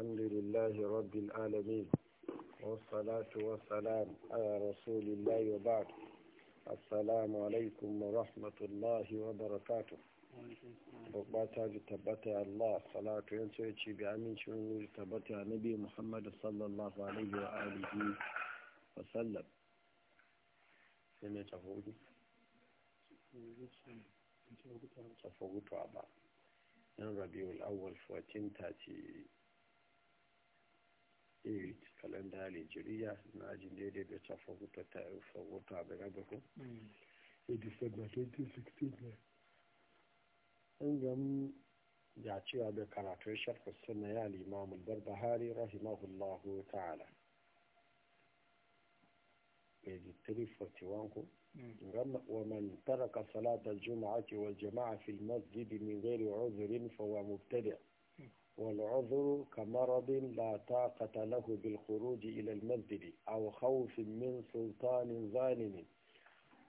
الحمد لله رب العالمين والصلاة والسلام على رسول الله وبعد السلام عليكم ورحمة الله وبركاته ji tabbata Allah salatu yan sai ce bi amincin ne ba yan rabiul إيت كالندا الهجرية مع جندي بتفوق تفوق بعدكم في ديسمبر 2016 an gamu ya cewa da karatun sharfa suna ya limamu barbahari rahimahullahu ta'ala page 341 ko mm. ومن ترك صلاة الجمعة والجماعة في المسجد من غير عذر فهو مبتدئ والعذر كمرض لا طاقة له بالخروج إلى المسجد أو خوف من سلطان ظالم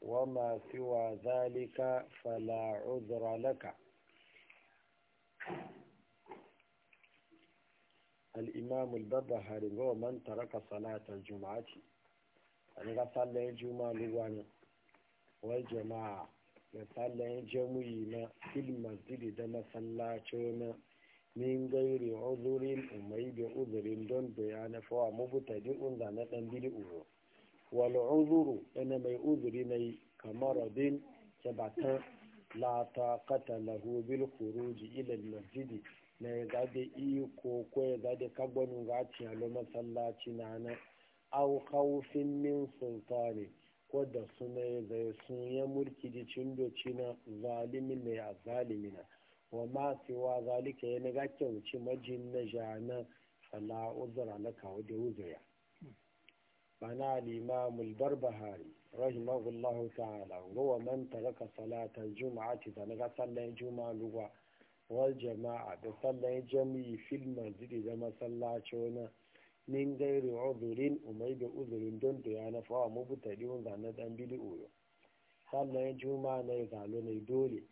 وما سوى ذلك فلا عذر لك الإمام البربهاري هو من ترك صلاة الجمعة أنا صلى الجمعة لوانا والجماعة صلى الجمعة في المسجد دم صلاة min gairi uzurin umai bi uzurin don bayana fawa mubutadin unza na dan bidi uro wal uzuru ana mai uzuri nai kamaradin jabatan la taqata lahu bil khuruj ila al masjid na gade iko ko ya gade kagbanu ga tiyalo masallaci na nan aw khawfin min sultani ko da zai sun ya mulki cindo cina zalimin ne a wa ma siwa zalika ya naga kyauci majin na jana fala uzura na kawo da uzura mana limamul barbahari rahimahullahu ta'ala ruwa man taraka salatar juma'ati da naga sallan juma'a luwa wal jama'a da sallan jami'i fil masjidi da masallaci wani min gairi uzurin umai da uzurin don da ya nafa mubutari wanda na dan bili oyo sallan juma'a na ya zalo ne dole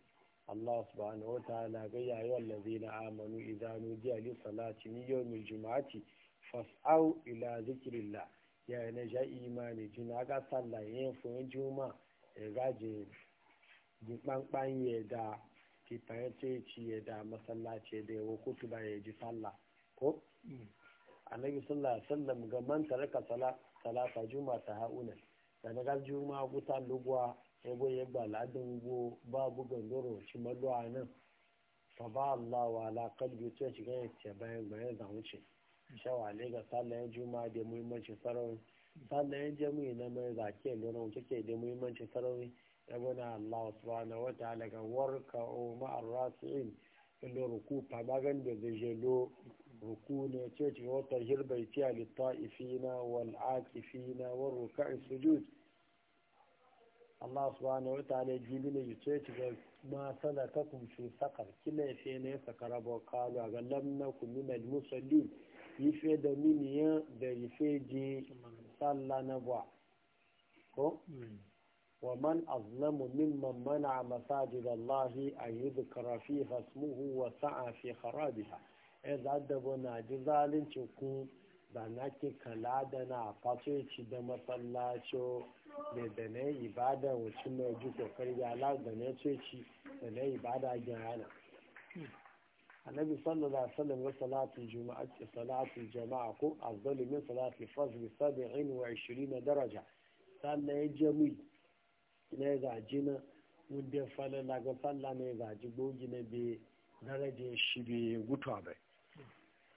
Allah subhanahu wa ta'ala ga yayi wallazina amanu idza nudiya li salati min yawmil fas'au ila zikrillah ya ne ja imani jina ga sallah yin fun juma e gaje ji ye da ki pance ye da masallaci da wo kutuba ye ji sallah ko annabi sallallahu alaihi wasallam ga man taraka salat salata juma ta hauna da na gal juma lugwa ebo ya baladin ugbo babu gandoro shi maluwa nan fa ba Allah wa ala kalbi to shi ga yace bayan bayan da wuce shawa le ga sallan juma'a da muhimmancin sarawi sallan jami'i na mai zake lura take da muhimmancin sarawi yabona Allah subhanahu wa ta'ala ga warka o ma'ar rasi'in ilo ruku fabagan da zai jelo ruku ne ce ce wata hirbai tiya littafina wal akifina wal ruka'i sujud Allah subhanahu wa ta'ala jibi ne yace ci ga ma sadaka kum fi sakar kila yace ne sakara bo kala ga lam na kum min al musallin yace da min ya da yace ji sallana ba ko hmm. wa man azlamu mimman mana masajid Allah a yuzkara fiha hasmuhu wa sa'a fi kharabiha eh da da ji zalincin ku da nake kala da na ci da masallaco da da na yi ibada wacin na ji kokari da la da na ci da na ibada gyara annabi sallallahu alaihi wasallam wa salatu juma'a salatu jama'a ko afdalu min salati fajr 27 daraja sallan ya jami na jina mun da fala na ga sallah ne gaji gogi na be daraja shi be gutwa bai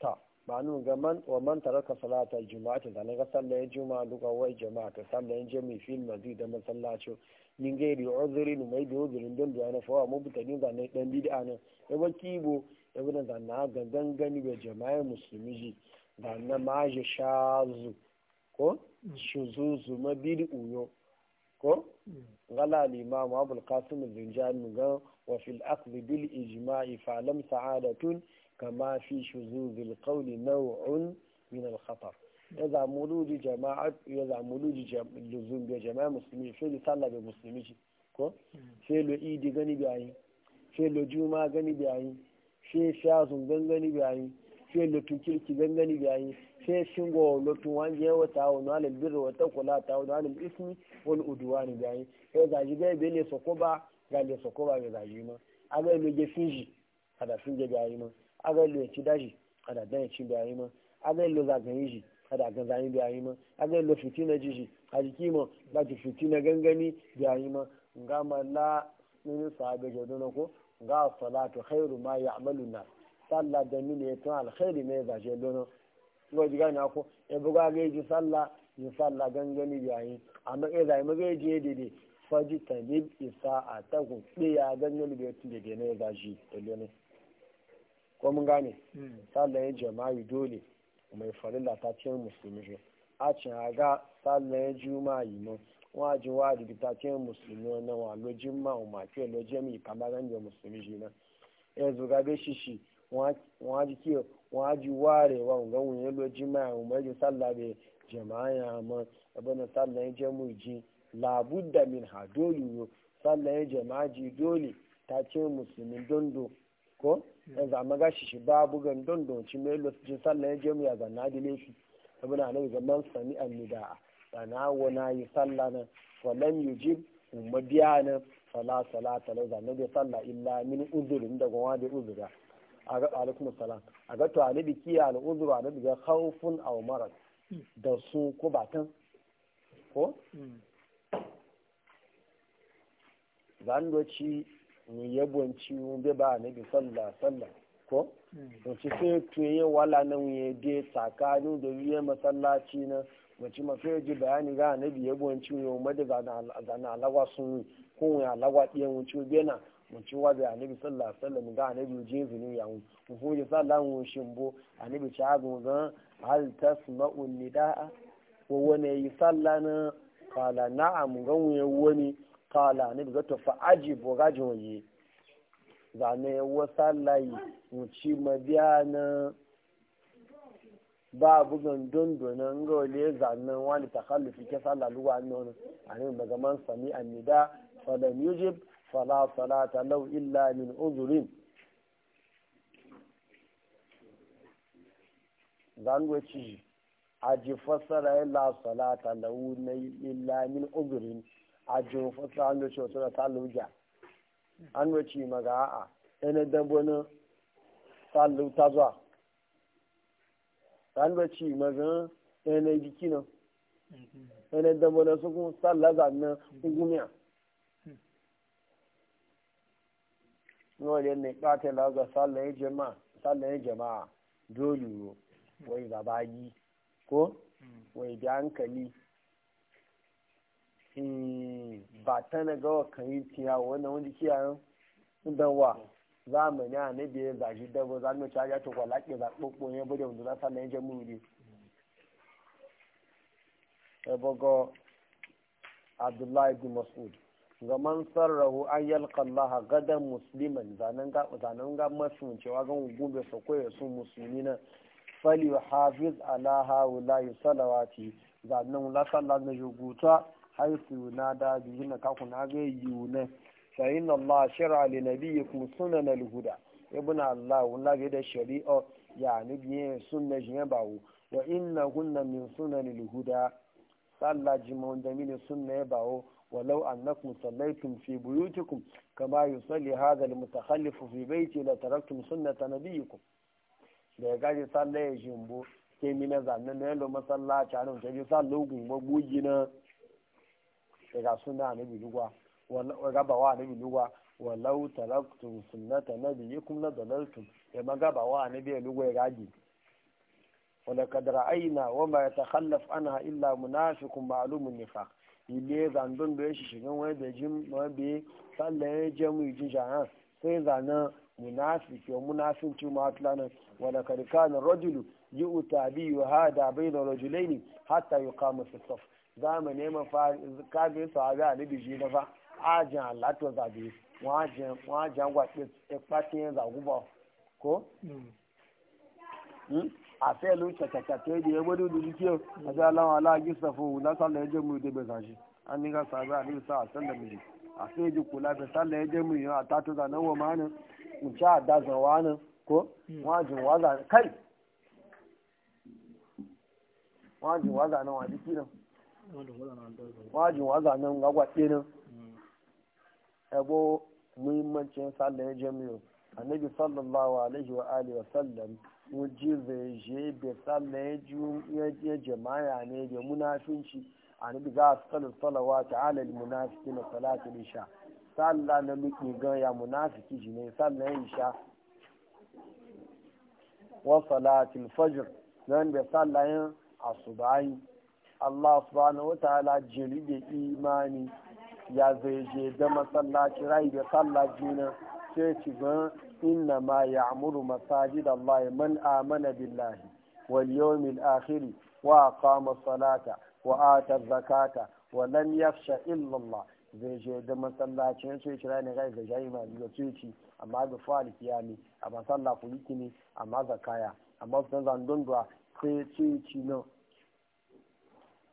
ta nu ga man wa man taraka salata juma'ati da na ga ya juma'a duka wai jama'a ta sallan jami fil mazi da masallaci min gairi uzuri ne mai biyo gurin don biya na fawa mu butani da na dan bid'a ne e ba kibo e ba da na ga gangani ga jama'a musulmi ji da na ma je shazu ko mm. shuzuzu ma bid'u uyo ko mm. gala al-imam abul qasim al-zinjani ga wa fil aqd bil ijma'i fa lam sa'adatun kama fi shuzubil qawli naw'un min al-khatar ya zamu luji jama'a ya zamu jama'a muslimi fi sallah bi muslimi ko sai lo idi gani bi ayi sai lo juma gani bi ayi sai shazun gangani bi ayi sai lo tukirki gangani bi ayi sai shingo lotun wanje wa ta'awunu alal birri wa sokoba ga le ma aga lo je finji kada finje ma aga lo ci daji ada dan ci bi ayi ma aga lo za gan yi ada gan za yi bi ma aga fitina ji ji aji ki mo ba ji fitina gangani bi ayi ma nga ma la sa sahabe jo don ko nga salatu khairu ma ya'malu na salla da mini ya tun ne mai zaje lono ngo ji ni: ko e buga ga ji salla yi salla gangani bi ayi amma e zai ma ga ji e dede faji tanib isa ataku ya gangani bi tun dede ne zaje ne. ko mun gane hmm. sallayen jama'i dole mai farilla ta ce musulmi shi a cin aga sallayen juma'i mu waji wajibi ta ce musulmi wannan wa lojin ma o mafi lojin mi kamar an da musulmi shi na ya eh, zuga be shi shi waji ke waji warewa ga wunye lojin ma o mai sallah be jama'a ma abin sallayen jami'i labudda min ha dole yo sallan jama'a dole ta ce musulmi dondo ko ya zama gashi shi bugan don donci mai lokacin sallah ya je mu ya zanna da lefi abu na nan zaman sani an da'a sana wana yi sallah nan walan yujib umma biya na sala sala talau zanna da sallah illa mini uzurin da gwa da uzura a ga alaikum salam a ga to anabi kiya na uzura anabi ga khawfun a umara da su ko batan ko hmm. zan doci ni yabonci wunde ba na bi sallah sallah ko wace hmm. sai tuye wala na wuye de tsakanin da wiye masallaci na wace mafi ji bayani ga na bi yabonci wuye umar da zana alawa sun yi ko wuye alawa ɗiyan wuce bena wuce wa da anabi sallah sallah ga anabi je zini ya wu ko ya sallah wu shimbo anabi ci azu ga hal tasma'u nida'a ko wani yi sallah na kala na'am ga wuye wani kala ni bi gato fa ajibu gajin waje zane wasa layi wuci biya na ba dondo na ga wale zane wani fi ke sa laluwa nan a ba ga man sami annida falam yujib fala salata law illa min uzurin zango ci a aji fassara la salata law illa min uzurin ajo fata an doce wata ta luja an doce maga a'a ɗanar dabbonin ta luta zuwa an doce maga ɗanar jiki nan ɗanar dabbonin su kuma ta laza na gumiya nolin ne ta laza sallaye jama'a sallaye jama'a dole wai gaba yi ko wai da hankali Hmm, ba ta na wa kan yi tiya wannan wani kiyayen wa zamani a na biyar zaji dabo za mu caja to kwa laƙe za ɓoɓɓo ya bude wanda za sa na yanke muri ya bago abdullahi bin mas'ud ga man sarrahu an yalka allaha gadan musliman zanen ga zanen ga masu cewa ga gube su koya su musulmi na fali hafiz ala haula salawati zanen la sallah na juguta haisu na da na kaku na ga yiwu na sayin Allah shara li nabiyikum sunan huda ibn Allah wallahi da shari'a ya nabiyin sunna jiyan bawo wa inna hunna min sunan al-huda sallah jimon da mini sunna ya bawo ولو fi صليتم في بيوتكم كما يصلي هذا المتخلف في بيتي لتركتم سنة نبيكم da ya gaji sallah ya shimbo sai mina zanen na yalo masallaci a nan sai sallah gun mabuji na daga suna annabi lugwa gabawa annabi lugwa walau taraktum sunnata nabiyikum na dalaltum ya magabawa annabi lugwa ya gaji wala kad ra'ayna wa ma yatakhallaf anha illa munafiqun ma'lumun nifaq ile zandon da shi shigan wani da jin wani sallah ya je mu jin jahan sai zana munafiki wa munafinci ma tulanan wala kad kana rajulu yu'ta bi hada bayna rajulaini hatta yuqama fi saf za mu nema fa kage su a ga na fa ajin alato zabe wajen zagubo ko a fẹ́ ló ṣàkàkàtẹ́ ìdí ẹgbẹ́ kí lásàlẹ̀ ẹjẹ́ mú a ní ká sàbẹ́ àdébísà àtẹ́lẹ̀ sàlẹ̀ ẹjẹ́ mú ìyàn máa wà kó wọ́n àjùn káì wọ́n àjùn náà wà ní kí náà. wajin waza nan gagwa ɗinin ebo muhimmancin sallar jami'u annabi sallallahu alaihi wa alihi wa sallam wajen zai je bai sallar ya jama'a ne da munafinci annabi za a sallar salawa ta alal munafiki na salatul isha sallah na muke gan ya munafiki shi ne sallar isha wa salatul fajr nan bai sallar asubahi Allah subhanahu wa ta'ala jeli da imani ya zai je da masallaci rai da sallah jina sai ci gan inna ma ya'muru da Allah man amana billahi wal yawmil akhir wa aqama salata wa ata zakata wa lam yakhsha illa Allah zai je da masallaci sai ci rai ne rai da jayi ma da ci amma ga fa'al kiyami amma sallah kuliki ne amma zakaya amma sun zan dundwa sai ci ci na.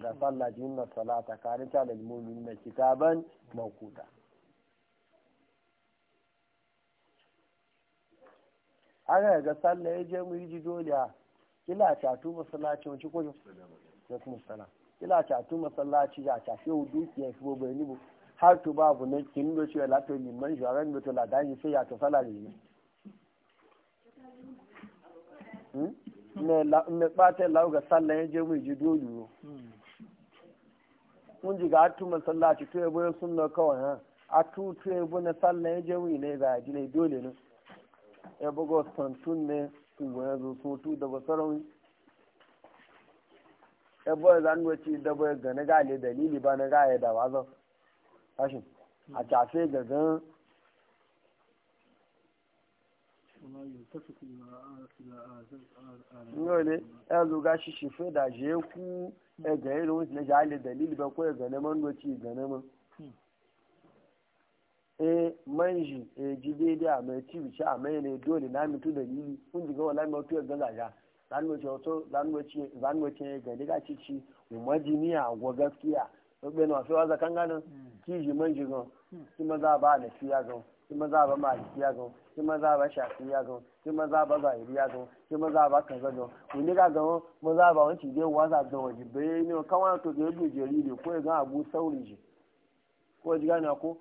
da sallah na salata kare ta da limomi na kitaban mawquta yi ga sallah ya je mu yi dole a kila ta tu masallaci wani ko yo ya kuma sana kila ta tu masallaci ya ta fi dukiya su bobe ni bu har to babu ne kin do cewa la to liman jaran do to la yi sai ya to sala ne ne la ne ba ta lauga sallah ya je mu yi dole mun ji ga atu masallaci to yabo ya sunna kawai ha atu to yabo na sallan ya jawi ne ga ji ne dole ne ya bugo santun ne su ya zo su tu da basaran ya bo zan wace da bo ga na ga le dalili ba na ga ya da wazan kashin a tafe ga gan Nyole, yanzu ga shi da je ku ya e ga e irin wasu na jale dalili ba ko ya e gane man doci gane man. E manji e ji daidai a mai ci bici a mai ne dole na mitu hmm. dalili kun ji Zanwace wato zanwace ya gani ga ci hmm. ci umajiniya gwa gaskiya. Rubin wasu waza kan ganin gan. Kuma za ba na fiya gan. shi maza ba malikiya gan shi maza ba shafiya gan shi maza ba zahiriya gan shi maza ba kaza gan wani ga gan maza ba wanci dai waza gan waje bai ne kawai to ga yadda jariri ko ya gan abu sauri ji ko ji gane ko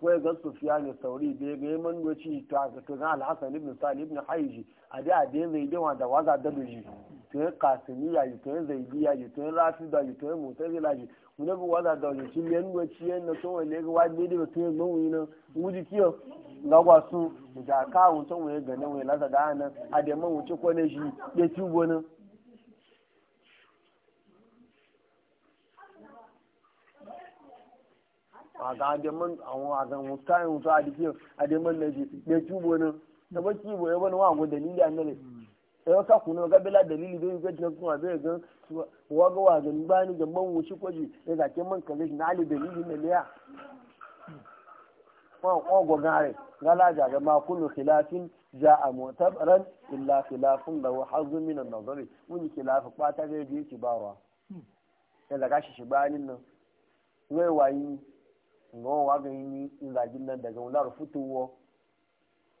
ko ya ga sufiya ne sauri bai ga yaman doci ta to gan alhassan ibn salih ibn haiji a dai a dai zai dai da waza da ji to ya kasimiya yi to ya zaidiya yi to ya rafida yi to ya mutazila mune bu wada da wani shi yan wa ci yan na son wani ga wani da mutum yan gbanwi nan wuji kiyo ga wasu da ka wutan wani gane wani lasa da nan a da man wuce ko ne shi ya ci wani a ga ademan àwọn àgbàwọn táyìn tó adìkí ademan na ji ya ci wani da baki boye wani wa dalili annalai yau ka kuna ga bela dalili bai ga jikin kuma bai ga wa ga wa ga ba ni ga man wuce kwaji ya ga ke man kaje na ali dalili ne liya wa ko go gare gala ja ga ma kullu khilafin ja'a mu'tabaran illa khilafun da wa hazzu min an-nazari mun khilaf ba ta ga ji ki bawa ya daga shi shi bayanin nan wai wayi ngo wa ga yi in zagin nan daga ular fituwo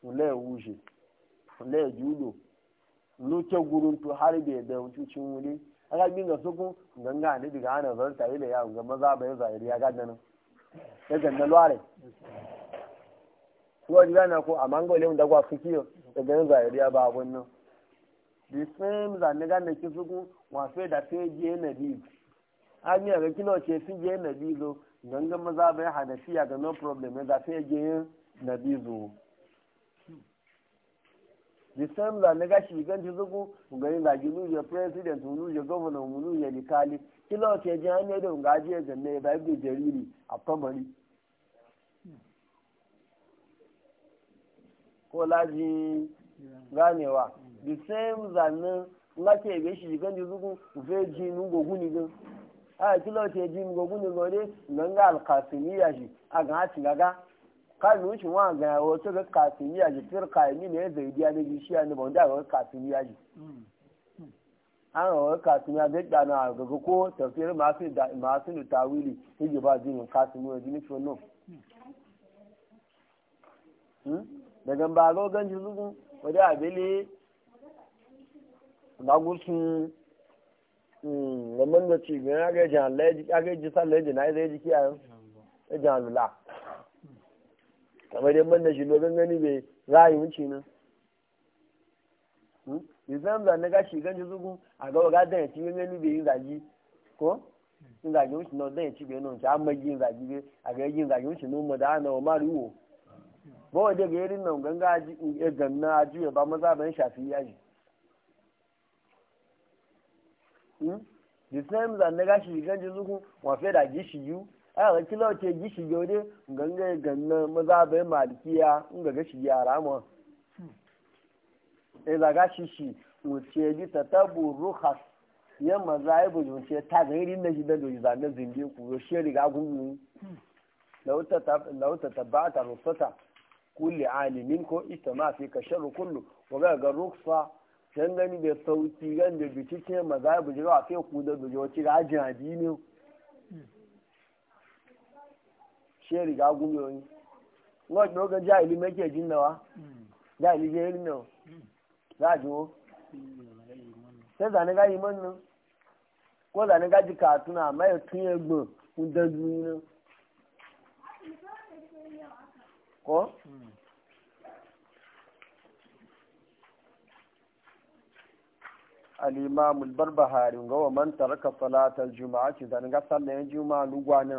ulai wuje ulai judo loke gurin to har bai da cucin wuri aka bin ga suku ganga ne daga ana zan tare da yawon ga maza bai zahiri ya gada nan ya ganda lware ko ji gana ko amma mango ne da kwa kiyo da ganin zahiri ya ba abun nan the same zan ne gana ki suku wa sai da sai je na bi an yi ga kino ce fi je na bi zo ganga maza bai hanafiya ga no problem da sai je na bi zo december na gashi gan ti zugu ngani la gilu ya president ulu ya governor ulu ya likali kilo ke an ne da ngaji ya ne ba bi jariri a famari ko laji ganewa the same zanin lake ga shi gan ti zugu ve ji nu gogu ni gan a kilo ke ji mu gogu ni gore nan ga alqasimiya shi a ga ti gaga kan wuce wa ga wato ga kasimiya ji firka yi ne zai biya ne ji shi ne ba wanda ga kasimiya ji an ga kasimiya zai dana ga ko tafsir masu da ni tawili yaji ba jin ji daga ba ga ganji zugun wadda abele ga gusun hmm, lamar da ci ga ga jan laji ga ji sallah na zai ji e lula kamar yadda da shi dogon gani bai rayu wuce nan yanzu hmm? zan na gashi gan ji zugun a ga waga dan ci gani bai yin zagi ko yin zagi wuce nan dan ci bai nan ci amma yin zagi bai a ga yin zagi wuce nan da ana wa mariwo ba wa daga yarin nan ganga ji e ganna ji ba maza ban shafi yaji hmm? the same zan na gashi gan ji zugun wa fe da gishi yu a ga kila wace gi shige ganga ganna maza bai malikiya in ga shi yara a rama e eh, zaga shi shi wuce ta tabu ruhas ya maza ya bu wuce ta ga na shi da doji zane zinde ku yo shi riga gungu lauta ta rusata kulli alimin ko ita ma fi ka kullu wa ga ga ruksa can gani da sauki gan da biki maza ya buji ga fi ku da doji wace ga ajin adini ṣe riga gumi oyin wọn gbọ́ gan já ìlú méjèèjì náà wá já ìlú jẹ́ ìlú náà láàdúró sẹ́sà ní ká yí mọ́nu kóòtà ní ká ti kàtún náà àmọ́ gbọ̀n ń dẹ́jú yín náà kọ́. الإمام البربهاري ومن ترك صلاة الجمعة إذا نقصر juma'a جمعة لقوانا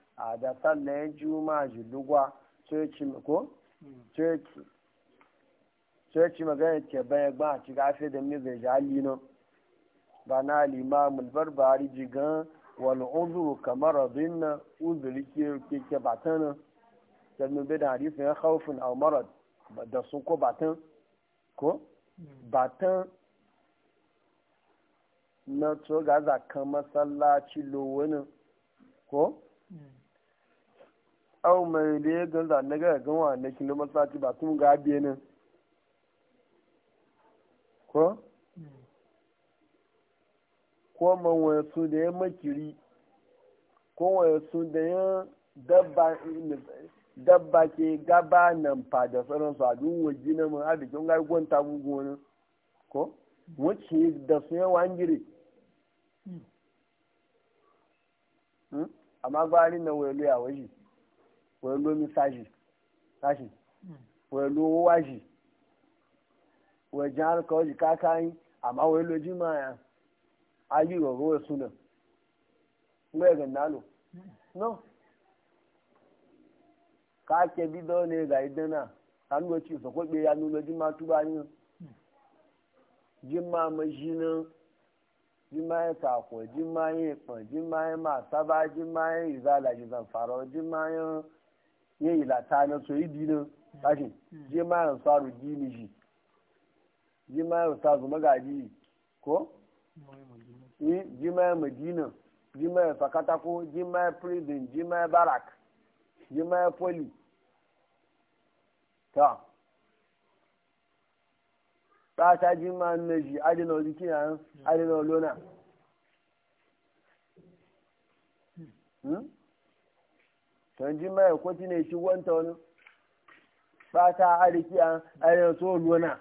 a da sallayen juma julugwa coci ko hmm. coci coci magana ke bayan ba a ci gafe da mai zai jali nan ba na limamul barbari jigan wani uzuru kamar abin na uzuri ke ke batan sannu bai da hadisun ya haufin a marar da sun ko batan ko hmm. batan na tsoga kan masallaci lowonin ko au mai da ya ganza na ga gan wa na kilo masallaci ba kuma ga biye nan ko ko man wani su da ya makiri ko wani su da ya dabba dabba ke gaba nan fa da sauran su a duk waje na mun abi kin ga gwanta gugu ko wace da su yawa an gire hmm. hmm? amma gwari na waya luya? waje wọ́n lómi sáàjì sáàjì wọ́n hmm. lo owó wájì wọ́n jẹ́ alukọ́ọ̀jì káàkiri àmọ́ wọ́n lójú máa ayé ìrọ̀rọ̀ ẹ̀sùn náà wọ́n náà lò náà káàkiri bí ní ìdán náà sanu etí ìsọ̀kọ́ pé yanu lójú máa túbọ̀ yín hmm. jí máa mọ yí náà jimayen sako jimayen ikpon jimayen masaba jimayen izala jizan faro jimayen yi ilata so yi dinin bashi ji ma yan saru gini ji ji ma yan saru magaji ko je ma yan madina ji ma yan sakatako ji ma yan prison ji ma barak ji ma yan poli ta ta ji ma yan naji adina oliki na adina olona canji mai kwaci ne shi wanta wani fata ariki a ayyana to luwana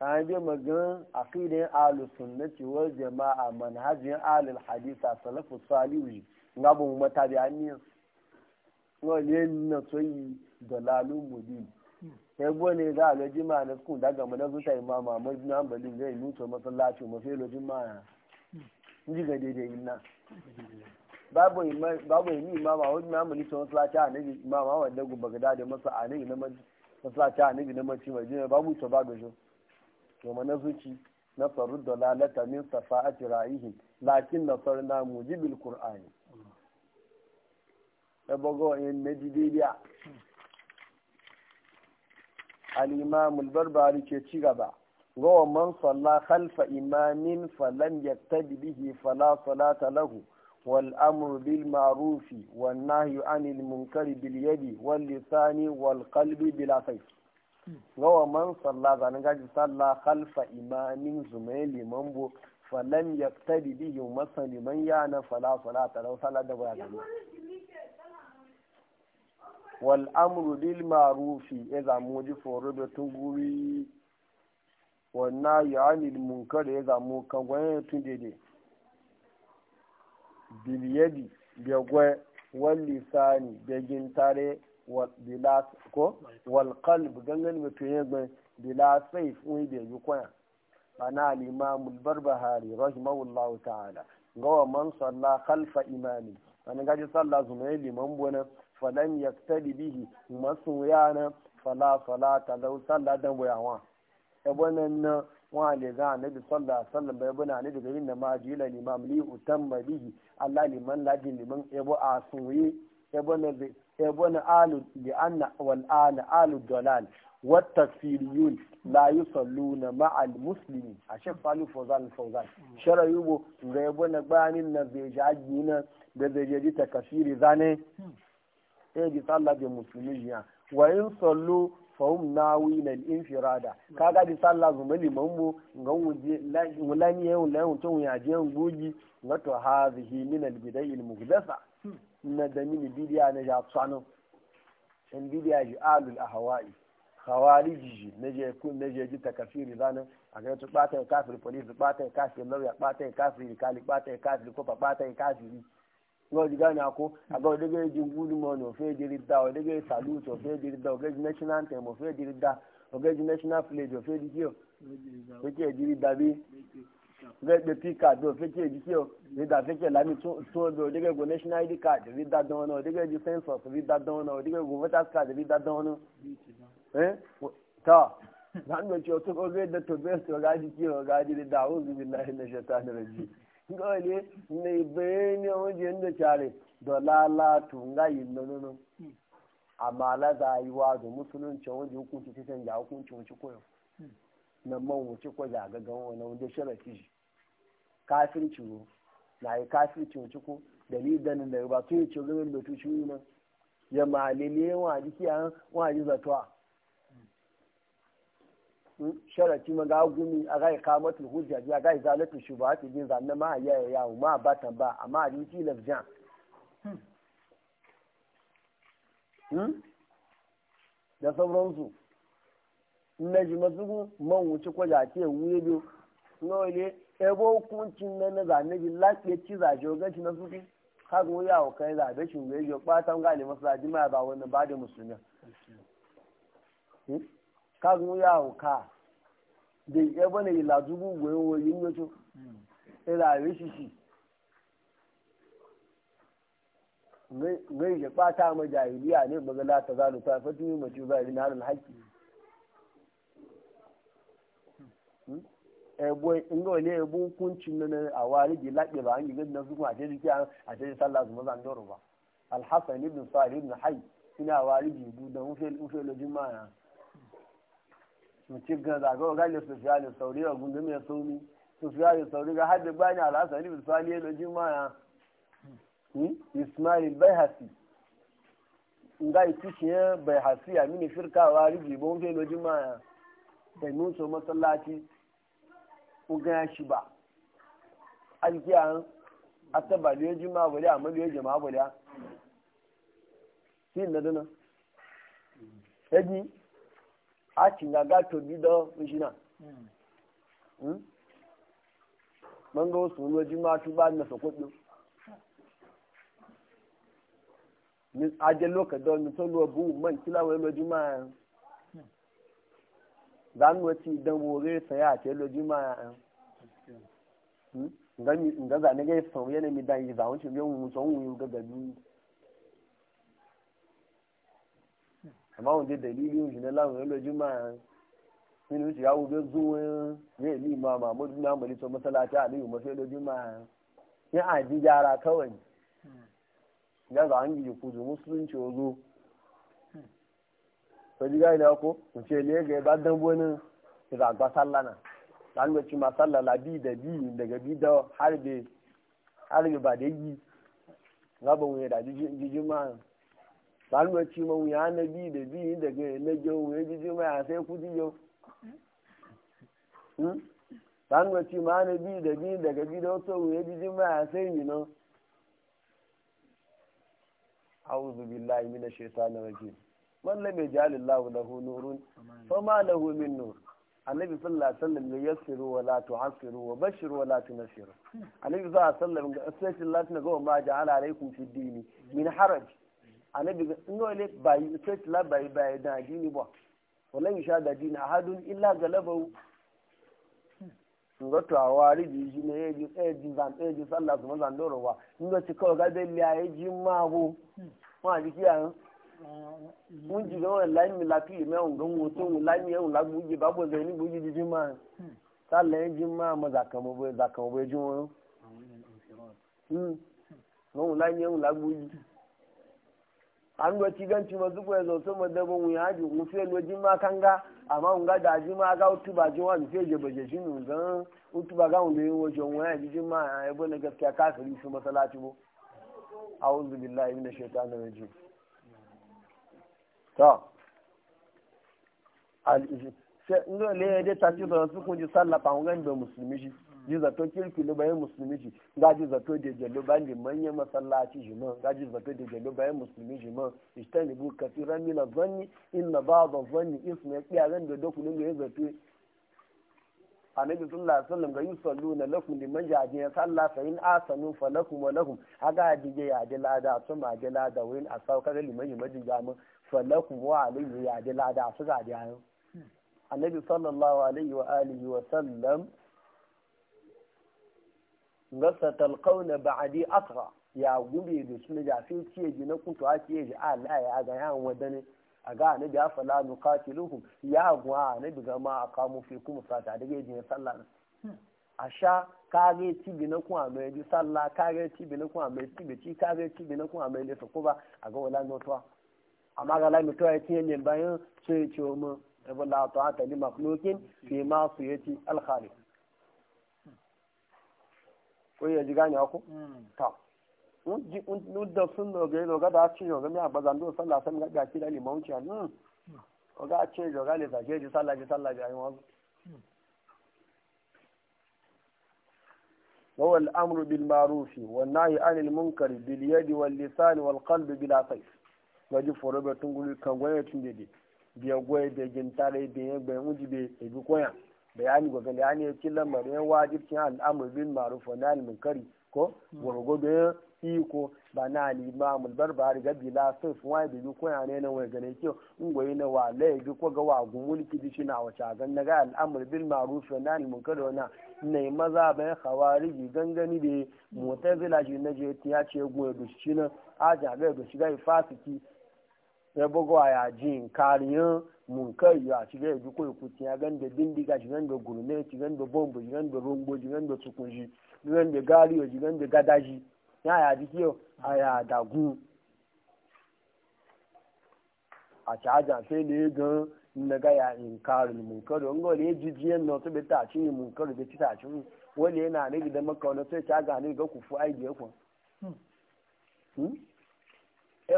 an bi magan aqidin ahlus na cewar jama'a manhajin ahlul hadisa salafu salihi mata matabi aniyan no ne na soyi dalalun mudi sai ne za a ga jima na sukun daga mu na zuta imama amma jina hanbalin zai nuto masallaci mafi lojin maya ji ga daidai ina babu yi imama wani imamu ne tun masallaci a nabi imama wanda gu bagada da masa a nabi na masallaci a nabi na mace mai jini babu to ba gajo to na zuci na faru da lalata min safa'ati ra'ihi lakin na faru na mujibil qur'ani ya bago in najidiya al barbari ke ci gaba wa man salla khalfa imamin falam yaktabi bihi fala salata lahu والأمر بالمعروف والنهي عن المنكر باليد واللسان والقلب بلا bila-sai. man salla zanen gaji salla khalfa imamin zumaye liman bu falam ya tari biyu masa liman yana fala fala ta rau salla da baya gani wal amru bil marufi ya zamu ji foro da tunguri wannan ya anil munkar ya zamu kan gwanin tun daidai biliyadi da gwe wallisani da gintare ko walƙalb gangan mutum ya gwe bila saif wani da yi kwaya ana limamul barbahari rahimahullahu ta'ala gawa man salla khalfa imami wani gaji salla zuma ya liman bonan falan ya bihi masu yana fala fala talau salla dan wa ebonan na wa za a nabi sallah a wasallam bai buna ne daga yin da ma jila limam li utamma bihi Allah liman ladin liman yabo asuye yabo na yabo na alu li anna wal ana alu dalal wa takfiriyun la yusalluna ma'al muslimin a shek falu fawzan fawzan shara yubo ga yabo na bayanin na bai jaji na da bai jaji kafiri zane hmm. sai ji sallah bi musulmi ya wa yin sallu fahim nawi na infirada kaga di sallah zuma liman mu ga wulani yau la yau tun ya je gogi ga to hazihi min al bidai al muhdasa hmm. na da mini bidiya na ja tsano in bidiya ji alul ahwai khawariji na je kun na je ji takafiri zanan a ga to bata kafir police bata kafir lawyer bata kafir kali bata kafir kofa bata kafiri ngo diga na ko aga odege ji ngulu mo no da odege salute da national anthem o fe da national flag o fe diri o fe ki da bi fe de ti card o fe o go national id card ri da don no odege ji census ri da don no odege go voters card ri da don no eh ta zan ga to go da to best o ga ji ki o ga ji da o bi billahi na gole hmm. hmm. na bayani wajen da tare da lalatu ga yin nanunan amma laza yi wa da musulunci wajen hukunci ta canja hukunci wuce koyo na man wuce ko zagagan wani wajen sharafi shi kafirci ro na yi kafirci wuce ko dalilan da ba tuyi yi cirin da tushe yi nan ya malile wa jiki an wa ji zatuwa sharati ma ga gumi a ga ikamatul hujja a ga zalatu shubahati din zanna ma ya ya ma ba ta ba amma hadisi lafjan hmm? da sauransu na ji masu man wuce kwaja ke wuye biyu na wale ebe hukuncin na na zane ji lafiya ci zaje ga na suke har wuya wa kai zabe shi wuye biyu ta gali masu zaji ma ba wannan ba da musulmi hmm? kagun ya auka da ebe na ilaju gbogbo ewo yi nyoto ila Ngai gai ya fata ma jahiliya ne ba zala ta zalu ta fatu yi mace ba na halin haƙƙi ebo inga wani ebo hukuncin nan a wari ji laɓe ba an na su ma a jiri kiyan a jiri sallah su mazan doro ba alhassan ibn sa'ad ibn hayy ina wari ji bu da mufe lojin mana mutum ga zagawa gane sufiyanu sauri a gungun mai sauri sufiyanu sauri ga hajji bani alhassan ibn sali yana jimaya hmm? ismail bai hasi nga ikishiye bai hasi a mini firkawa rigi bon fe lo jimaya da nuso masallaci uga shi ba alkiyan asaba jima bale amma jima sin da dana eji. a cinga ga to bi do mishina hmm. hmm? man ga wasu ruwaji ma ba na sokoto ni aje loka do ni bu man kila wa lo juma dan hmm. wati e dan wore saya ce lo juma ngami ngaza ne ga sauye ne mi dan yi zawon cin yau mun son mu ga gabi àmọ́ àwọn òde dẹ̀lí ilé òṣìṣẹ́ láwọn ẹlẹ́júmọ́ nínú ìṣìyàwó ya zún wọn ní ìlú ìmọ̀ àmọ́ àmọ́ dúdú àmọ́ ìṣọ́ mọ́sálásí àlẹ́ ìmọ̀ sí ẹlẹ́júmọ́ ní àjíjà ara kawai yàtọ̀ à ń yìí kùtù mùsùlùmí ogo pẹ̀lúgá ilẹ̀ ọkọ̀ òṣè ẹlẹ́gẹ̀ bá dánwó náà ìrà àgbà sálà náà tí màá sálà làbí ìdẹ̀bí ìdẹ̀gẹ̀ bí dọ́ bàdé yìí lábọ̀ máa salma ci ma wuya na bi da bi daga na jau wuya ji ma ya sai kudi jau salma hmm? hmm? ci ma na bi da bi daga bi da wasu wuya ji ma ya sai yi nan auzu billahi mina shaitanin rajim man lam lahu Allahu lahu nurun fama lahu min nur annabi sallallahu alaihi wasallam ya yassiru wa la tu'assiru wa bashiru wa la tunassiru hmm. annabi sallallahu alaihi wasallam ga asallallahu alaihi wasallam ga ma ja'ala alaikum fid dini min haraj annabi ga nole bai sai la bai bai da addini ba wala yusha da dini ahadun illa galabahu ngoto awari bi ji ne yi e ji zan e ji sallah kuma zan doro wa ngo ci ko ga de liya e ma hu ma ji ki an mun ji ga la mi la ki me on gan wo to la mi on la buji ba bo ni buji ji ji ma sallah e ji ma ma zaka mo bo zaka mo bo ji won mm ngo la mi on la buji an ga ci ganci ma zuwa ya zo sama da ban wuya ji un fe lojin ma kan ga amma mun ga da ji ma ga utu ba ji je baje shi mun ga utu ba ga da ji ji ma bane gaskiya kafiri su masallaci bo a'udhu billahi minash shaitanir rajim to al sai le da su musulmi ji zato kirkilo bayan musulmi ji ga ji zato da jalo bayan da manyan masallaci ji man ga ji zato da jalo bayan musulmi ji man ishtan buka tsiran mila zanni inna ba ba zanni isu ya kiya zan da dokunin da ya zato annabi sallallahu alaihi wasallam ga yusalluna lakum liman jaje salla fa in asanu falakum wa lahum aga dige ya de lada su ma de lada wa in asau kaga liman yimajin jamu falakum wa alayhi ya de lada su ga de ayo hmm. annabi sallallahu alaihi wa alihi wa sallam gasa talqauna ba'di atra ya gube da su ne jafi ciye ji na kuntu a ciye ji ala ya ga ya wadane a ga ne da fala nuqatiluhum ya gwa ne bi ga ma aqamu fi kum sata da ji ne sallah a sha kage bi na kun amai ji sallah kage bi na kun amai mai ci kage bi na kun amai lesa ko ba a ga wala to amma ga mi to ya ce ne bayan sai ya ce mu da la ta ta li makhluqin fi ma su al khaliq ko ya ji gane ku mm. ta mun da sun noge noga da ci noga mi bazan do sallah san ga ga kila limon ci an hmm. mm. ga ce noga ne da ji sallah ji sallah ji ayyuwa mm. nahyi anil munkari bil عن wal باليد wal qalbi بلا سيف gaji foro tungulu kan goye tundede biya goye be gintare be ngbe unji be ebi koyan bayani ga ya ya kila mare wajibcin al'amur bin ma'ruf wa nahi munkari ko hmm. gurgudu ko ba na al-imam al-barbar ga la sai fuwa da bi ko yana ne wa gane ki ungoyi na wa lai ko ga wa gumulki bi shi na wacha gan na ga al'amur bin ma'ruf wa nahi munkari na ne maza ba khawariji gangani da hmm. mutazila ji na je ya ce goye da shi na aja ga da shi ga fasiki ya bugu a yajin kariyan munkari a cikin ya ko ikuti kuti gan da bindiga gan da shi gan da bombo gan da rombo gan da shi gan da gariyo gan da shi ya yaji kiyo a ya dagu a caja sai ne gan na ga ya inkari munkari wani wani ya jijiyan na wasu bai ta ci munkari bai ci ta ci wani yana ne gidan maka wani sai caja ne ga kufu aiki ya kwa. Hmm. Hmm?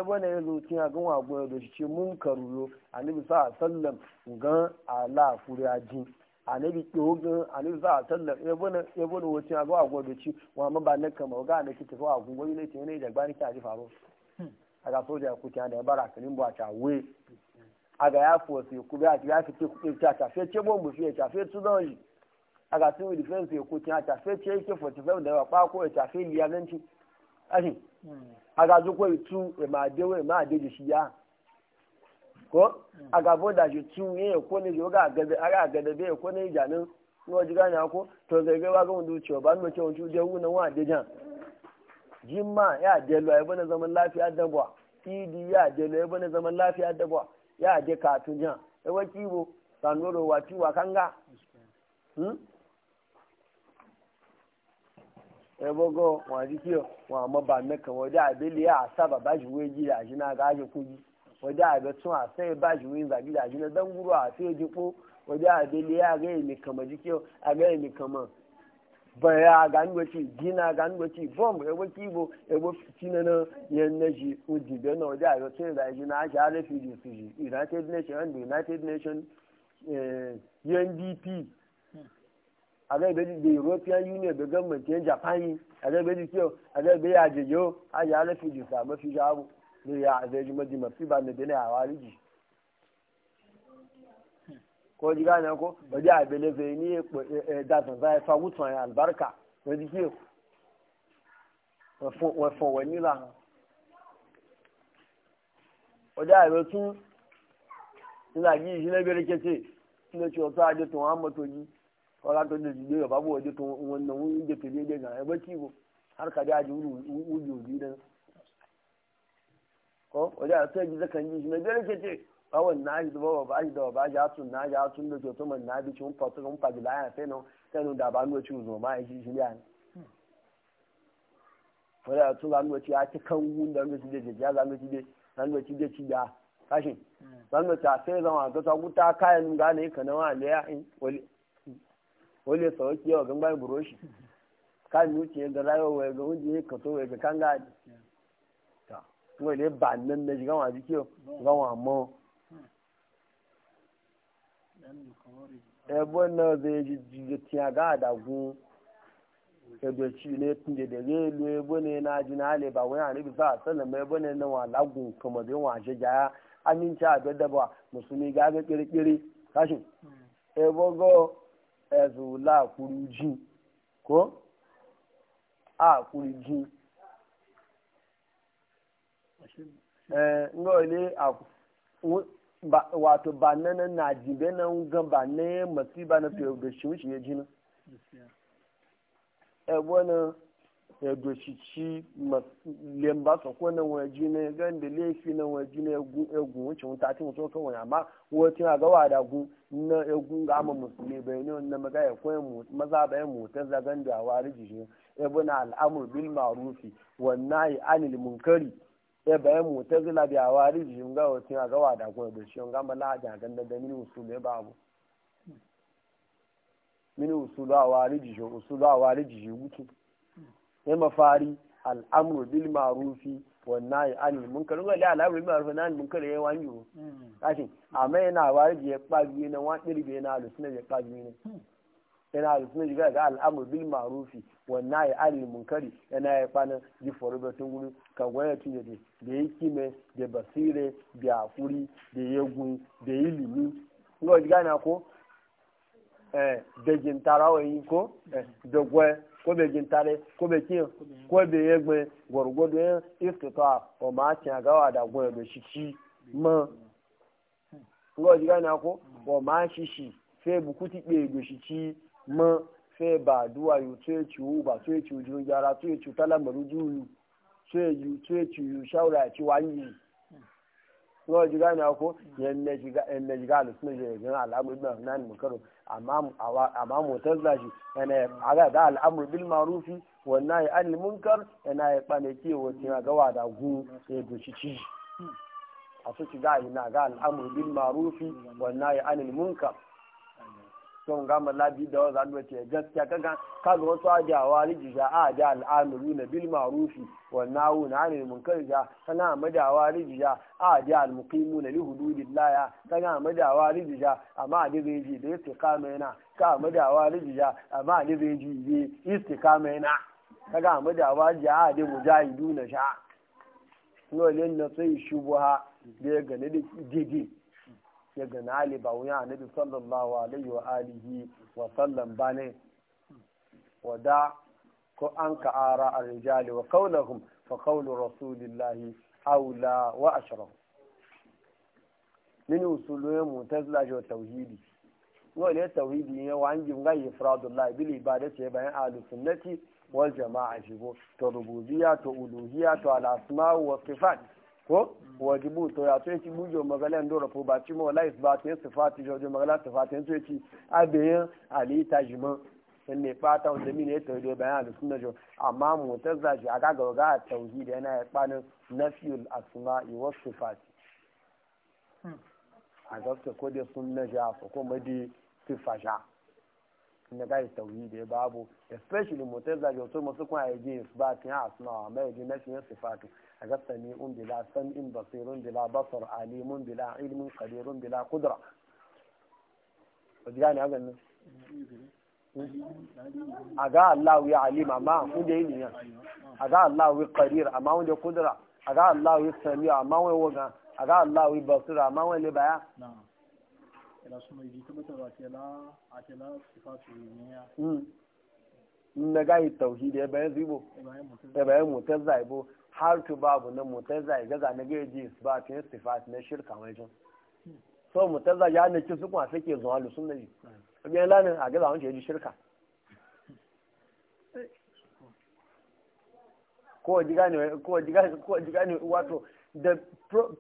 e bane ya zo kin ga wa goyo da shi mun karuyo annabi sa sallam gan ala furaji annabi ko gan annabi sa sallam e bane e bane wo kin ga wa ma ba nan kama ga ne kike fa gun goyo ne ne da gbani ta ji faro aga soja ku ta da baraka nin ba ta we aga ya fo ku ga ya fite ku ta ta ce bombu fe ta fe tudan yi ku ta ta fe ce ke 47 da ba ko ta agazokwe tu ema adewe ema adeji shiya ko agabo da shi tu ye ko ne jo ga gade aga gade be ko ne janu no ji ganya ko to ze ga wa ga mun duce ba no ce wuce je wuna wa adejan jimma ya de lo ai bana zaman lafiya dabwa idi ya de lo ai bana zaman lafiya dabwa ya de katun jan e wa kibo sanoro wa ti wa kanga hmm ebogo wa dikio wa maba meka wode abeli ya asaba baji weji ya jina gaje kuji wode abe tun ase baji win za gida jina dan guru ase jipo wode abeli ya ga ni kama dikio aga ni kama baya ga ngoti gina ga ngoti bom ebo kibo ebo tinana na naji uji be no wode abe tun da jina aja refuge fiji united nation and united nation eh UNDP agaibedi the european union da gwamnatin japan yi agaibedi kiyo agaibedi ajeje o aje alafi sa mafi shabu ne ya azeji maji mafi ba na dana yawa riji ko ji gane ko waje abele zai ni e, e, e, da san zai fa wutun ya albarka waje kiyo wafo wani la waje abele tun ina ji shi na bere kece ina ce wasu aje saura to da jibe ba babu waje to wannan wani da tabi ga e ba kiwo har ka da ji uju bi dan ko waje a sai giza kan ji shi na gare ke ce ba wannan shi ba ba shi da ba shi atun na shi atun da to man na bi cin fatu kan fadi la ya sai no sai da ba no ci zo ma shi shi ya waje a to ba no ci a ci kan gun da no ci da ja za no ci da za no ci da ci da kashin za ci a sai zama ga ta kayan gane kana wa le in wali wale sauki ki yawa gangba buro shi ka wuce ga rayuwa wai ga wunje ka to wai ga kan ba nan da jiga wa jike ga wa mo e bona zai ji tiya ga da gu ci ne tun da re lu e bona na ji na le ba wani annabi sa sallama e bona na wa lagun kuma zai wa ga aminci a da ba musulmi ga ga kirkiri kashin ẹ̀sùn láàkúrú jù kó àkúrú jù ngọ́ wato ba nan na jibe na gan ba ne masu ba na fiye da shi wuce ya ji na. ya doshi ci lemba su ko na waje ne gan da laifi na waje ne ya gun wuce wuta ta mutu kan wani amma wata a gawa da gun na ya gun ga ama musulmi bai ne wani maza ya koyi maza bayan mutan zagan da wa rijiji ya buna al'amur bil ma'rufi wannan ya anil munkari ya bayan mutan zila da wa rijiji ga wata a gawa da gun da shi ga mala da ganda da mini musulmi babu mini usulu a wa rijiji usulu a wa rijiji wuce ya mafari al'amru bil ma'rufi wan nahi anil munkar ga la al'amru bil ma'rufi nahi munkar yayi wani yo hmm. kashi amma yana wari ya kpabi na wa dirbe na alusuna ya kpabi ne hmm. yana alusuna ga ga al'amru bil ma'rufi wan ya anil munkari yana ya kwana ji forobe tun gudu ka gwaya tun da da yi kime da basire da akuri da yegun da ilimi ngo ji gana ko eh da jintarawa yi ko da eh, gwe ko bai gintare ko bɛ kiyan ko bai yegbe gwargwado yan iftita o ma ci gawa da goyo da shi ma ngo ji gani ako o ma shi shi bukuti be go shi ma fe ba duwa yu tse ci u ba tse ci u jun jara tse ci talamaru ju yu tse yu tse suna jiga na ko yan na jiga yan jiga da suna jiga al'amur bin nan mukaru amma amma motar shi yana aga da al'amur bil marufi wannan ya anil munkar yana ya bane ke wata na gawa da gu ya doshi ci a su shiga ina ga al'amur bil marufi wannan ya anil munkar sun ga malabi da wanda zanu ce gaskiya kaga kaga wasu aja a jija aja al'amuru na bil ma'rufi wa nahu na anil munkar ja kana madawa a ja al muqimu na li hududillah kana madawa rijija amma da zai ji da istiqama yana ka madawa a amma da zai ji da istiqama yana kaga madawa ja da na sha no len na sai shubuha da ga ne dide ya gana ba wuya annabi sallallahu alaihi wa alihi wa sallam wada ko an ka ara a rijali wa kaunahum fa kaunu rasulillahi haula wa ashraf min usuluyen mutazila jo tauhidi wani ne tauhidi ne wa an ji ifradullah bil ibadati bayan ahlus sunnati wal jama'a jibo to rububiyya to uluhiyya to al asma'u wa sifat ko mm. wajibu to ya tsoye ci bujo magala ndo rafo ba ci mo life ba ta sifati jojo magala sifati tsoye ci abiyin alita tajima sun ne fata wanda mini ya tauhidi bayan da sunna jo amma motar zaji a gaga ga tauhidi yana ya kwanin nafiyul yi wa sifati hmm. a gaske ko da sunna ja ko kuma da sifasha na ga tauhidi babu especially motar zaji wasu masu kuma ya ji isbatin asma'a amma ya ji nafiyin sifati aga sami'un bila sam'in basirun bila basar alimun bila ilmin qadirun bila qudra wajani aga nan alim amma kun da yin aga Allah ya qadir amma kun da qudra aga Allah ya sami amma wai waga aga Allah ya basir amma wai baya ila suma yi kuma ta wakila akila sifatu ne ya na ga tauhid ya bayan zibo ya bayan mutazza ibo har tu babu nan mutazza ya gaza na gaji isbatin sifat na shirka wajen so mutazza ya ne ki su kuma sake zuwa lu sunna ji hmm. ga lanin a gaza wanda ya ji shirka ko diga ne ko diga ko diga ne wato the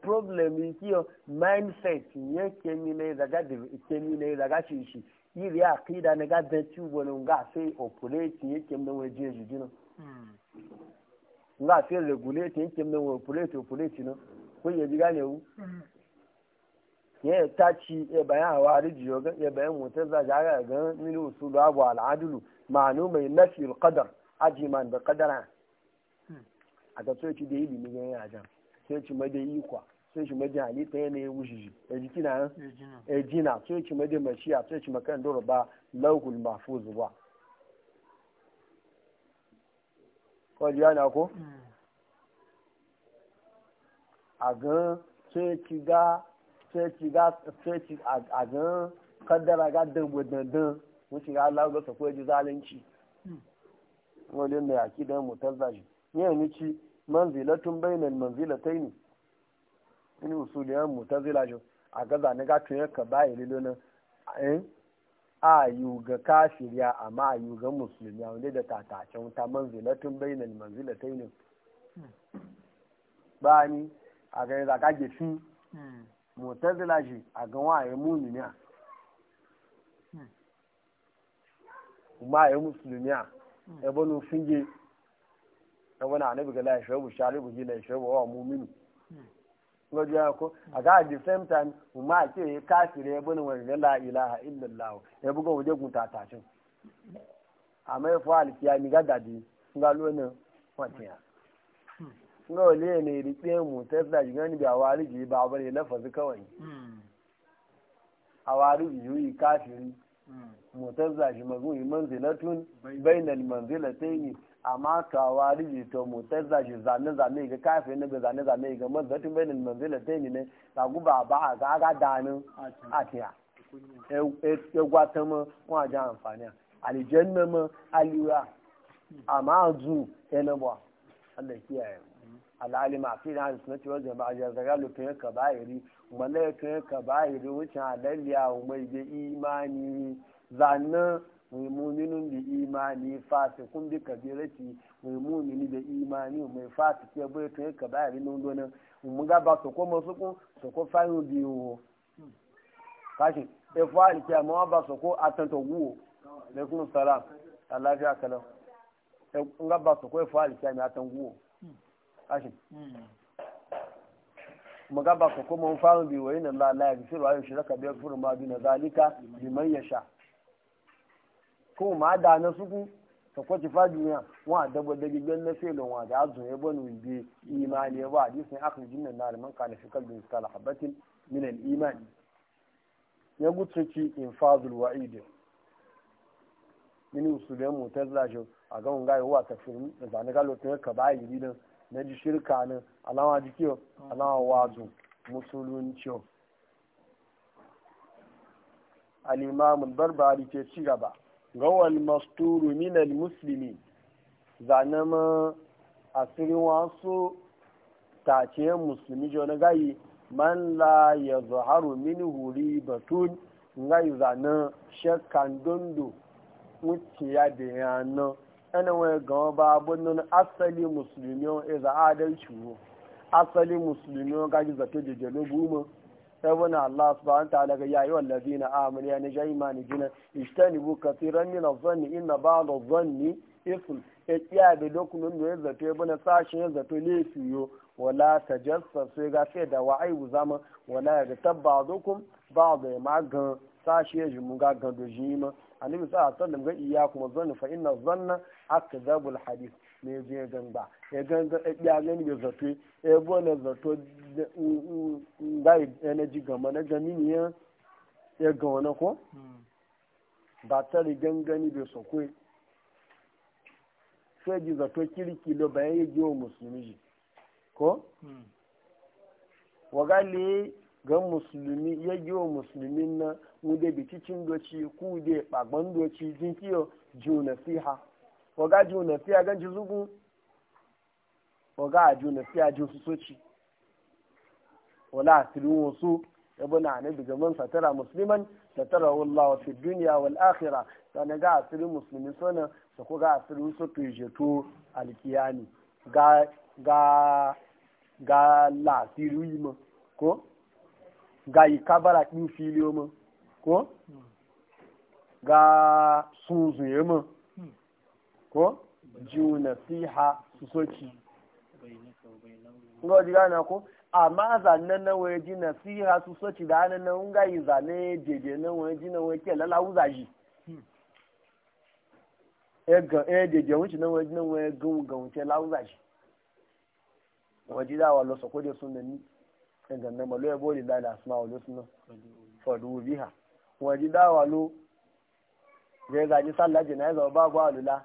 problem is your mindset yake ni ne daga da ke ni ne daga shi shi yi ya kida ne ga da ci wani ga sai operate yake mun waje jijina nga fi regulate yankin nan wa operate operate nan kun yaji gane wu mm-hmm. ya ta ci ya bayan hawa rijiyo ga ya bayan motar za ga ga ga min usulu abu al'adulu ma'anu mai nafi al-qadar ajiman da qadara mm-hmm. a ga so ci da yi bi ga ya jan sai ci mai da ikwa sai ci mai da halitta yana ya wushi da jikina ejina sai ci mai da mashiya sai ci makan doro ba lauhul mahfuz ba wajen yana ko a gan sai ci ga sai ci ga sai ci a gan kaddara ga dambu dandan mun shiga Allah ga sako ji zalunci wani mai akidan mutar ne ni ci manzilatun bainal manzilataini ni usuliyan jo a gaza ni ga tun yakka bayi lilo nan a yuga kafiriya amma a yuga musulmiya wanda da tatacen wuta manzilatun bayna manzilatai Ba bani a ga za ka shi mutazila ji a ga waye a kuma ya musulmiya ya bano finge ya wani anabi ga la shabu shalibu ji la shabu wa mumini wajen ko a ga at the same time umma ce ya kafire ya bin wani la ilaha illallah ya buga wajen guta tashin amma ya fa alkiya mi gada bi ga lonin watiya ga wale ne rike mu ta da gani bi awari ji ba bare lafazi kawai awari yi kafiri mu ta zaji mazu manzilatun bainal manzilataini amma kawariji to za shi zane zane ga kafin na ga zane zane ga bai bainin manzila ta yi ne ga guba ba a ga aga danin atiya ya e, e, e gwata ma wajen amfani na ma aliwa amma zu yana ba Allah kiyaye ma fi na hadis na ciwon jama'a ya zaga ba ya kaba'iri malaikin ya kaba'iri wucin halalliya mai ga imani zanen mai muminin da imani fasikun bi kabirati mai mumini da imani mai fasike bai to yaka ba ri nun nan mun ga ba soko masu soko soko fayu biyu o kashi e fa alkiya mo ba soko atanto wo alaikum salam alafiya kalau e ga ba soko e fa alkiya mi atan wo kashi mun ga ba soko mo fayu bi wo inna la la yaghfiru ayyushraka bi yaghfiru ma duna zalika liman yasha fún ma dáná sukú sakwaci fajiya wa dabba da gigan na felon da azun ya banu bi imani ya ba hadisin akan jinnan na man kana fi kalbin kala habatin min al iman ya gutsuci infazul wa'id min usulen mutazila shi a ga mun gaya wa tafsirin da zane ga lokacin ka ba na ji shirka nan alama jikiyo alama wazu musulunci al imam al barbari ce ci gaba gawal masturu minal muslimi a asiri wasu tace musulmi na gayi man la ya zuharu mini huri batun ngai zana shakkan dondo wuciya da yana ana wani gama ba abunan asali musulmi iza adalci asali musulmi gaji zato jejjelo goma ابن الله سبحانه وتعالى يا أيها الذين آمنوا يعني جاي ما نجينا اجتنبوا كثيرا من الظن إن بعض الظن إثم اتيا بدوك من يزتو يبنى ساشي يزتو ليفيو ولا تجسس في دا وعي وزاما ولا يغتب بعضكم بعض ما ساشي يجمو يجمع غدو جيما النبي صلى الله عليه وسلم قال إياكم الظن فإن الظن أكذب الحديث ne zai e ganga e ya ganga ya gani ya zato ya bo na zato da energy gama na gani ne ya ga wani ko hmm. ba ta rigan gani bai sokwe sai ji zato kirkilo bayan ya e giwa musulmi ji ko hmm. wagali ga musulmi ya giwa musulmin na wude bikicin doci ku de kpagbon doci jin kiyo ju waga ji na fiya ganci zugu waga a ji na fiya ji soci wala asirin wasu ne daga gaman satara musliman satara wallah fi dunya wal akhirah sana ga asirin musulmi sona? sa ko ga asirin su tujeto alkiyani ga ga ga la sirui mo ko ga yi kabara kin filio ma, ko hmm. ga zuye ma, ko jiwu nasiha su soki ga gane ko amma zanen na wani ji nasiha su soci da hannun na wunga yi zane jeje na waje na waje ke lalawu zaji e, e jeje wuce na waje na waje gun ga wuce lawu zaji waje da wa losa kodin sun da ni kan malo ya bori da da suna wajen suna fadu biha waje da wa lo zai zaji e e sallah jina ya zama ba gwa lula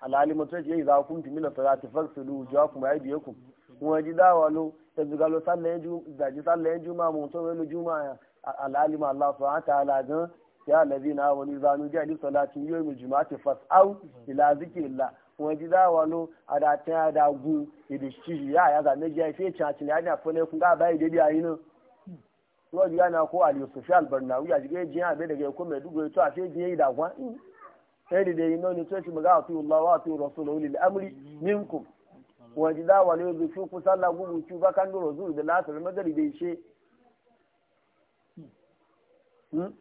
alhali mutum ya yi za ku tumina salati faksilu jawa kuma ya biye ku kuma ji dawa lo ya zuga lo sallayen juma mu mutum ya juma alhali ma Allah su hata alagan ya alazi na wani zanu ji ali salati yau mu juma'ati fas'au ila zikirla kuma ji dawa lo a da ta ya da gu shi ya ya zane ji ya fiye cacin ya na fune kun ga bayi daidai a yi nan. Lọ́ọ̀dì yá na kó àlè sòfíà àlùbọ̀nà wíyà jìgẹ́ jìyàn àbẹ́dẹ̀gẹ́ kó mẹ́dúgbò ètò àti èjìyàn ìdàgbọ́n. sai da yi noni sai shi maga atu Allah wa atu Rasulullah lil amri minkum wa jida wa ne zu ku sallah ku ba kan duro zu da lasar magari da ishe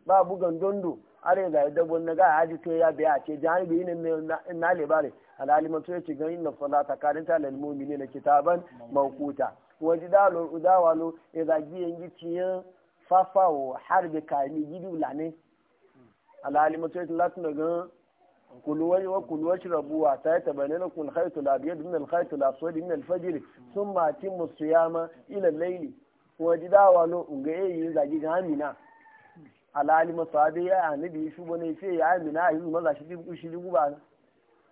ba bugan dondo are ga da bon naga haji to ya biya ce jani bi ne na le bare alalima to ga inna salata karanta lil mu'minina kitaban mawquta wa jida lo udawa lo ya e ga gidu lane alalima to latin daga كلوا وكلوا واشربوا حتى na لكم الخيط الابيض من الخيط الاسود من الفجر ثم اتموا الصيام الى الليل وجدا ولو غيي زاجي غامنا alali masabi ya annabi shi bane ce ya amina yanzu maza shi dubu shi dubu ba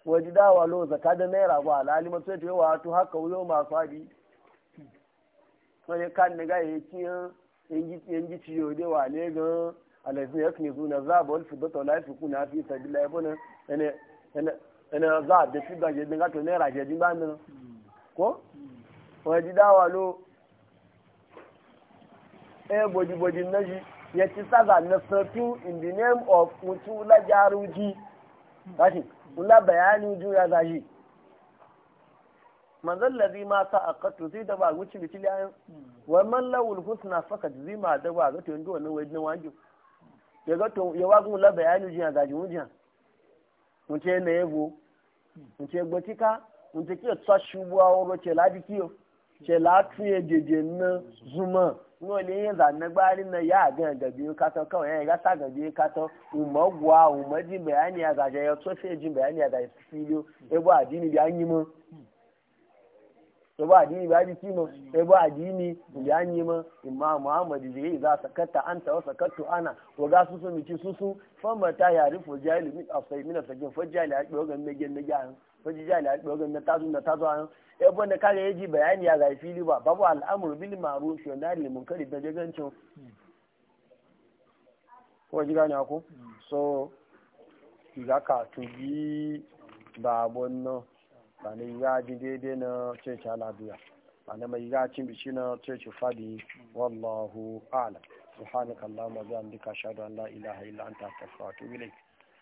waji lo zaka da naira ba alali maso wa to haka wuyo masu hadi wani kan daga ya ci yan ji ciyo da wa ne ga alazin ya zuna za ba wani fi kuna fi sabila ya ẹnìyàn zá àbẹ fígbà jẹbi ká tó náírà jẹbi bá nínú kó wọn ti dá ló ẹ bòjìbòjì yẹ ti sábà nẹsàn in the name of ntú lájàrú jí láti ńlá bẹ̀yánú ju yìí lazi ma sa a katu zai da ba wuce da cili man lawul husna zai ma da ba ga to yanzu wajen ya ga to ya wagun bayani nce na ego nce gbotika nce ki tsa shubu aworo ce ladi kiyo ce latu ye na zuma no le za na na ya ga ga biyu kato kawai ya ga sa ga biyu kato umma gwa umma ji bayani ya ga ya tsofe ji bayani ya ga filo ebo adini bi ya yi mu ba addini ba bi kimo ba addini ya ni ma muhammadu muhammad da yayi za sakatta an wa sakattu ana wa ga su su mici su su fa ta ya rufu jali mi afai min afsakin fa jahili ya doga ne gen ne gan fa jahili ya doga ne tazu na tazu an yabo e ne kare yaji bayani ya zai fili ba babu al'amuru bil ma'ruf wa nahi lil munkari da jagancin ko ji gani ako so ki ga ka bi babon no ba ya bi daidai na cece alabiya ba na mai ya cin bici na cece fadi wallahu ala subhanakallahumma mazan dika ashhadu an la ilaha illa anta astaghfiruka wa atubu